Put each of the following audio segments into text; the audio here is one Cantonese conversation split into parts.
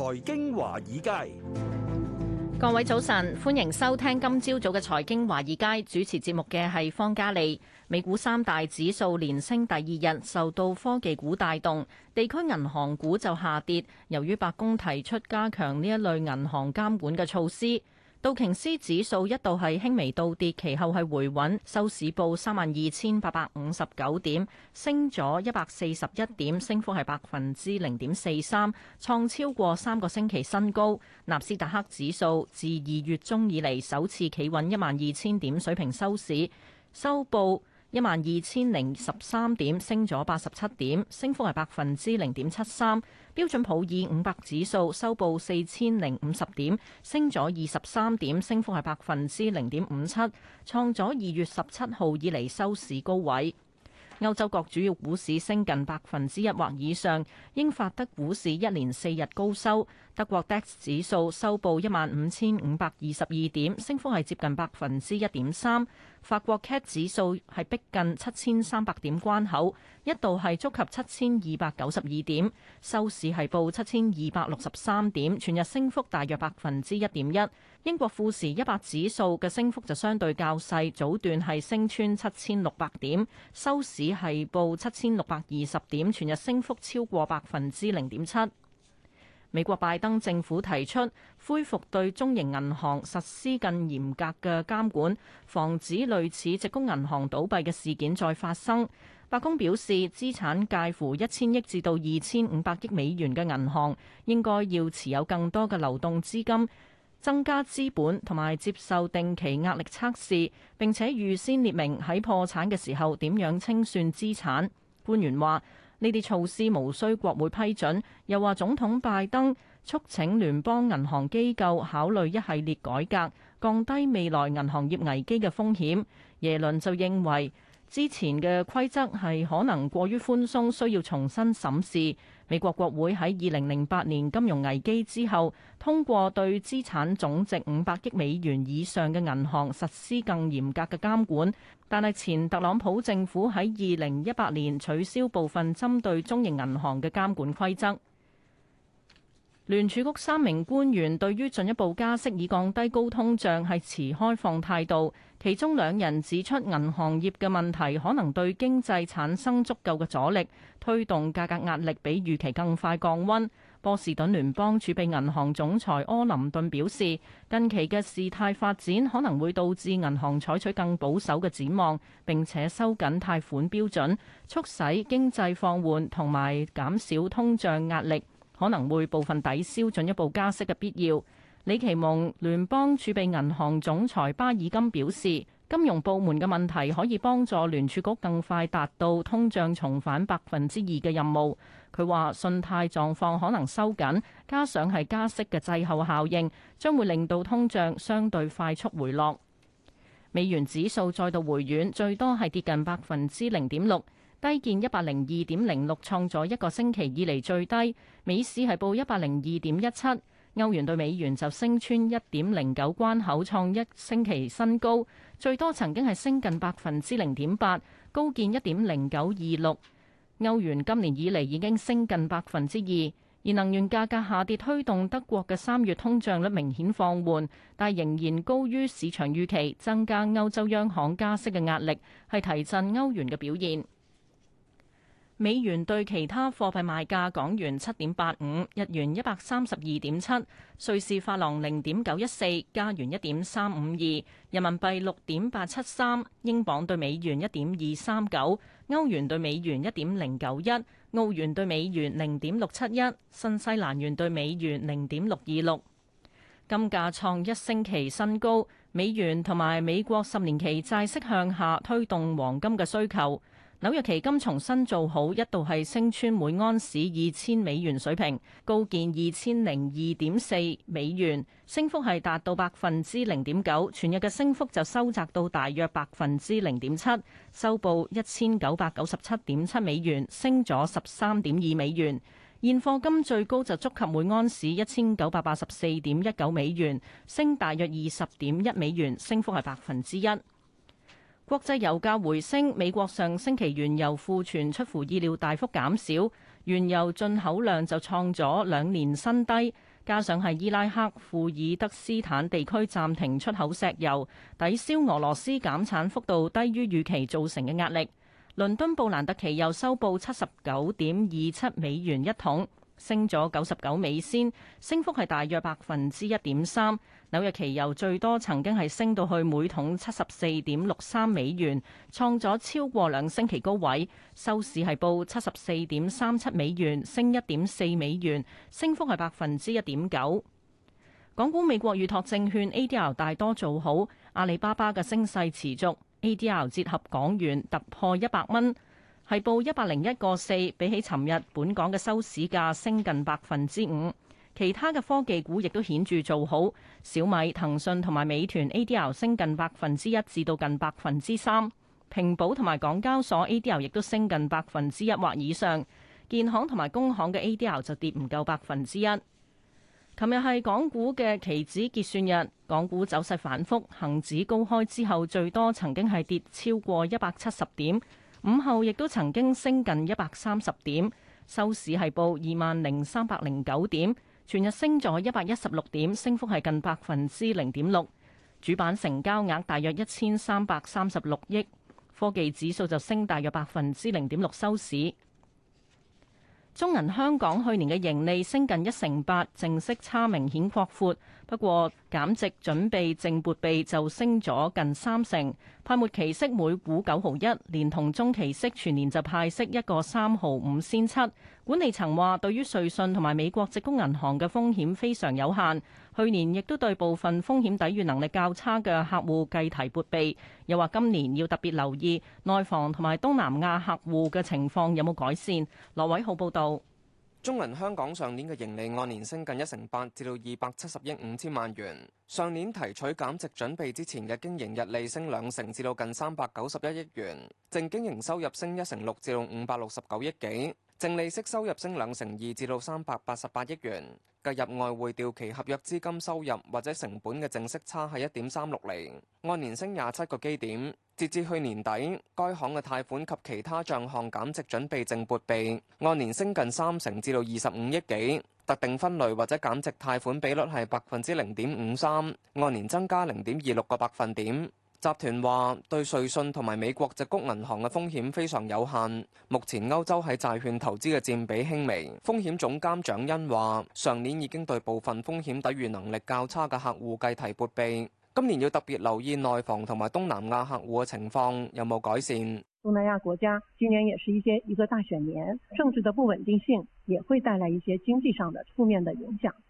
財經華爾街，各位早晨，歡迎收聽今朝早嘅財經華爾街，主持節目嘅係方嘉利，美股三大指數連升第二日，受到科技股帶動，地區銀行股就下跌。由於白宮提出加強呢一類銀行監管嘅措施。道瓊斯指數一度係輕微倒跌，其後係回穩，收市報三萬二千八百五十九點，升咗一百四十一點，升幅係百分之零點四三，創超過三個星期新高。納斯達克指數自二月中以嚟首次企穩一萬二千點水平收市，收報。一萬二千零十三點，升咗八十七點，升幅係百分之零點七三。標準普爾五百指數收報四千零五十點，升咗二十三點，升幅係百分之零點五七，創咗二月十七號以嚟收市高位。歐洲各主要股市升近百分之一或以上，英法德股市一連四日高收。德國 DAX 指數收報一萬五千五百二十二點，升幅係接近百分之一點三。法國 CAC 指數係逼近七千三百點關口，一度係觸及七千二百九十二點，收市係報七千二百六十三點，全日升幅大約百分之一點一。英國富時一百指數嘅升幅就相對較細，早段係升穿七千六百點，收市係報七千六百二十點，全日升幅超過百分之零點七。美國拜登政府提出恢復對中型銀行實施更嚴格嘅監管，防止類似矽谷銀行倒閉嘅事件再發生。白宮表示，資產介乎一千億至到二千五百億美元嘅銀行應該要持有更多嘅流動資金，增加資本，同埋接受定期壓力測試，並且預先列明喺破產嘅時候點樣清算資產。官員話，呢啲措施無需國會批准，又話總統拜登促請聯邦銀行機構考慮一系列改革，降低未來銀行業危機嘅風險，耶倫就認為，之前嘅規則係可能過於寬鬆，需要重新審視，美國國會喺二零零八年金融危機之後，通過對資產總值五百億美元以上嘅銀行實施更嚴格嘅監管，但係前特朗普政府喺二零一八年取消部分針對中型銀行嘅監管規則。聯儲局三名官員對於進一步加息以降低高通脹係持開放態度，其中兩人指出銀行業嘅問題可能對經濟產生足夠嘅阻力，推動價格壓力比預期更快降溫。波士頓聯邦儲備銀行總裁柯林頓表示，近期嘅事態發展可能會導致銀行採取更保守嘅展望，並且收緊貸款標準，促使經濟放緩同埋減少通脹壓力。可能會部分抵消進一步加息嘅必要。李奇蒙聯邦儲備銀行總裁巴爾金表示，金融部門嘅問題可以幫助聯儲局更快達到通脹重返百分之二嘅任務。佢話，信貸狀況可能收緊，加上係加息嘅滯後效應，將會令到通脹相對快速回落。美元指數再度回軟，最多係跌近百分之零點六。低見一百零二點零六，創咗一個星期以嚟最低。美市係報一百零二點一七，歐元對美元就升穿一點零九關口，創一星期新高，最多曾經係升近百分之零點八，高見一點零九二六。歐元今年以嚟已經升近百分之二，而能源價格下跌推動德國嘅三月通脹率明顯放緩，但仍然高於市場預期，增加歐洲央行加息嘅壓力，係提振歐元嘅表現。美元對其他貨幣賣價：港元七點八五，日元一百三十二點七，瑞士法郎零點九一四，加元一點三五二，人民幣六點八七三，英鎊對美元一點二三九，歐元對美元一點零九一，澳元對美元零點六七一，新西蘭元對美元零點六二六。金價創一星期新高，美元同埋美國十年期債息向下推動黃金嘅需求。紐約期金重新做好，一度係升穿每盎士二千美元水平，高見二千零二點四美元，升幅係達到百分之零點九。全日嘅升幅就收窄到大約百分之零點七，收報一千九百九十七點七美元，升咗十三點二美元。現貨金最高就觸及每盎士一千九百八十四點一九美元，升大約二十點一美元，升幅係百分之一。國際油價回升，美國上星期原油庫存出乎意料大幅減少，原油進口量就創咗兩年新低，加上係伊拉克庫爾德斯坦地區暫停出口石油，抵消俄羅斯減產幅度低於預期造成嘅壓力。倫敦布蘭特期油收報七十九點二七美元一桶，升咗九十九美仙，升幅係大約百分之一點三。紐約期油最多曾經係升到去每桶七十四點六三美元，創咗超過兩星期高位，收市係報七十四點三七美元，升一點四美元，升幅係百分之一點九。港股美國預託證券 ADR 大多做好，阿里巴巴嘅升勢持續，ADR 折合港元突破一百蚊，係報一百零一個四，比起尋日本港嘅收市價升近百分之五。其他嘅科技股亦都顯著做好，小米、騰訊同埋美團 ADR 升近百分之一至到近百分之三，平保同埋港交所 ADR 亦都升近百分之一或以上。建行同埋工行嘅 ADR 就跌唔夠百分之一。琴日係港股嘅期指結算日，港股走勢反覆，恒指高開之後最多曾經係跌超過一百七十點，午後亦都曾經升近一百三十點，收市係報二萬零三百零九點。全日升咗一百一十六點，升幅係近百分之零點六。主板成交額大約一千三百三十六億，科技指數就升大約百分之零點六收市。中銀香港去年嘅盈利升近一成八，淨息差明顯擴闊，闊。不過減值準備淨撥備就升咗近三成，派末期息每股九毫一，連同中期息全年就派息一個三毫五仙七。管理層話對於瑞信同埋美國矽谷銀行嘅風險非常有限，去年亦都對部分風險抵禦能力較差嘅客戶計提撥備，又話今年要特別留意內房同埋東南亞客戶嘅情況有冇改善。羅偉浩報導。中銀香港上年嘅盈利按年升近一成八，至到二百七十億五千萬元。上年提取減值準備之前嘅經營日利升兩成，至到近三百九十一億元。淨經營收入升一成六，至到五百六十九億幾。淨利息收入升兩成二，至到三百八十八億元。計入外匯掉期合約資金收入或者成本嘅淨息差係一點三六釐，按年升廿七個基點，截至去年底，該行嘅貸款及其他帳項減值準備淨撥備按年升近三成至，至到二十五億幾。特定分類或者減值貸款比率係百分之零點五三，按年增加零點二六個百分點。集團話對瑞信同埋美國矽谷銀行嘅風險非常有限。目前歐洲喺債券投資嘅佔比輕微。風險總監蔣恩話：上年已經對部分風險抵御能力較差嘅客戶計提撥備。今年要特別留意內房同埋東南亞客戶嘅情況有冇改善。東南亞國家今年也是一些一個大選年，政治的不穩定性也會帶來一些經濟上的負面的影響。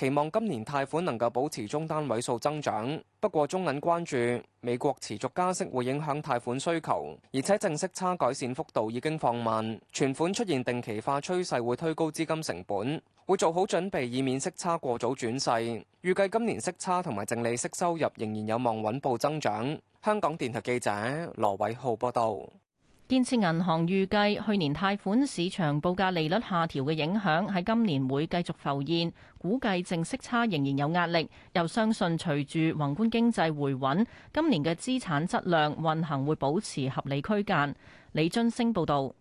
期望今年貸款能夠保持中單位數增長，不過中銀關注美國持續加息會影響貸款需求，而且淨息差改善幅度已經放慢，存款出現定期化趨勢會推高資金成本，會做好準備以免息差過早轉勢。預計今年息差同埋淨利息收入仍然有望穩步增長。香港電台記者羅偉浩報道。建設銀行預計去年貸款市場報價利率下調嘅影響喺今年會繼續浮現，估計淨息差仍然有壓力。又相信隨住宏觀經濟回穩，今年嘅資產質量運行會保持合理區間。李津升報導。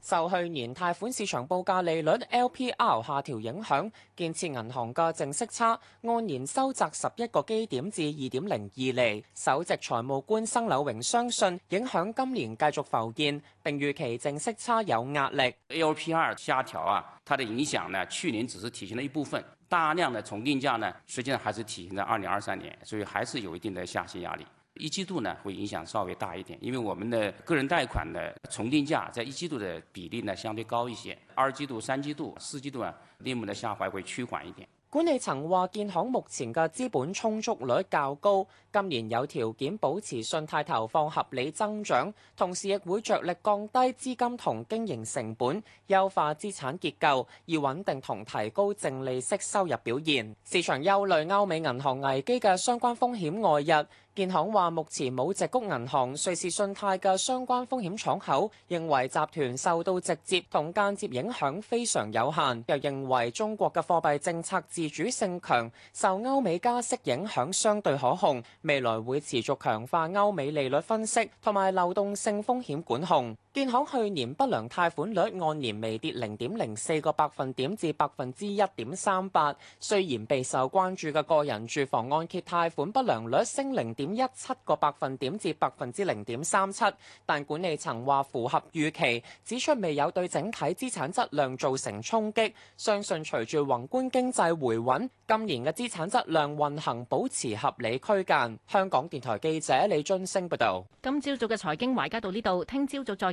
受去年貸款市場報價利率 LPR 下調影響，建設銀行嘅淨息差按年收窄十一個基點至二點零二厘。首席財務官生柳榮相信影響今年繼續浮現，並預期淨息差有壓力。LPR 下調啊，它的影響呢？去年只是體現了一部分，大量的重定價呢，實際上還是體現在二零二三年，所以還是有一定的下行壓力。一季度呢，會影響稍微大一點，因為我們的個人貸款的重定價在一季度的比例呢，相對高一些。二季度、三季度、四季度啊，利率的下滑會趨緩一點。管理層話，建行目前嘅資本充足率較高，今年有條件保持信貸投放合理增長，同時亦會着力降低資金同經營成本，優化資產結構，以穩定同提高淨利息收入表現。市場憂慮歐美銀行危機嘅相關風險外溢。建行話，目前冇矽谷銀行、瑞士信貸嘅相關風險敞口，認為集團受到直接同間接影響非常有限。又認為中國嘅貨幣政策自主性強，受歐美加息影響相對可控，未來會持續強化歐美利率分析同埋流動性風險管控。建行去年不良貸款率按年微跌零點零四個百分點至百分之一點三八，雖然備受關注嘅個人住房按揭貸款不良率升零點一七個百分點至百分之零點三七，但管理層話符合預期，指出未有對整體資產質量造成衝擊，相信隨住宏觀經濟回穩，今年嘅資產質量運行保持合理區間，香港電台記者李津星報道，今朝早嘅財經華爾街到呢度，聽朝早再。